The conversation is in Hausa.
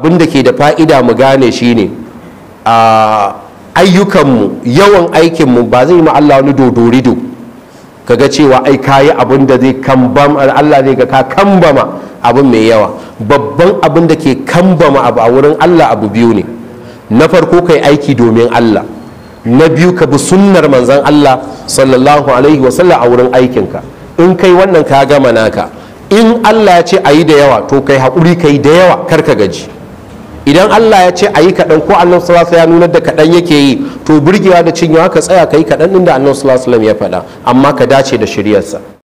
abin da ke da fa'ida mu gane shi ne, a ayyukanmu yawan aikinmu ba zai ma Allah wani dodorido kaga cewa ai kayi abin da zai kambama Allah zai ga ka kambama abin mai yawa babban abin da ke kambama abu a wurin Allah abu biyu ne na farko kai aiki domin Allah na biyu ka bi sunnar manzon Allah sallallahu alaihi wa sallam a wurin aikinka in kai wannan ka gama naka in Allah ya ce a yi da yawa to kai haƙuri kai da yawa kar ka gaji idan Allah ya ce a yi kaɗan ko annan salasa ya nuna da kaɗan yake yi to burgewa da cinyewa ka tsaya ka yi kaɗan inda da salasa ya faɗa amma ka dace da shiryarsa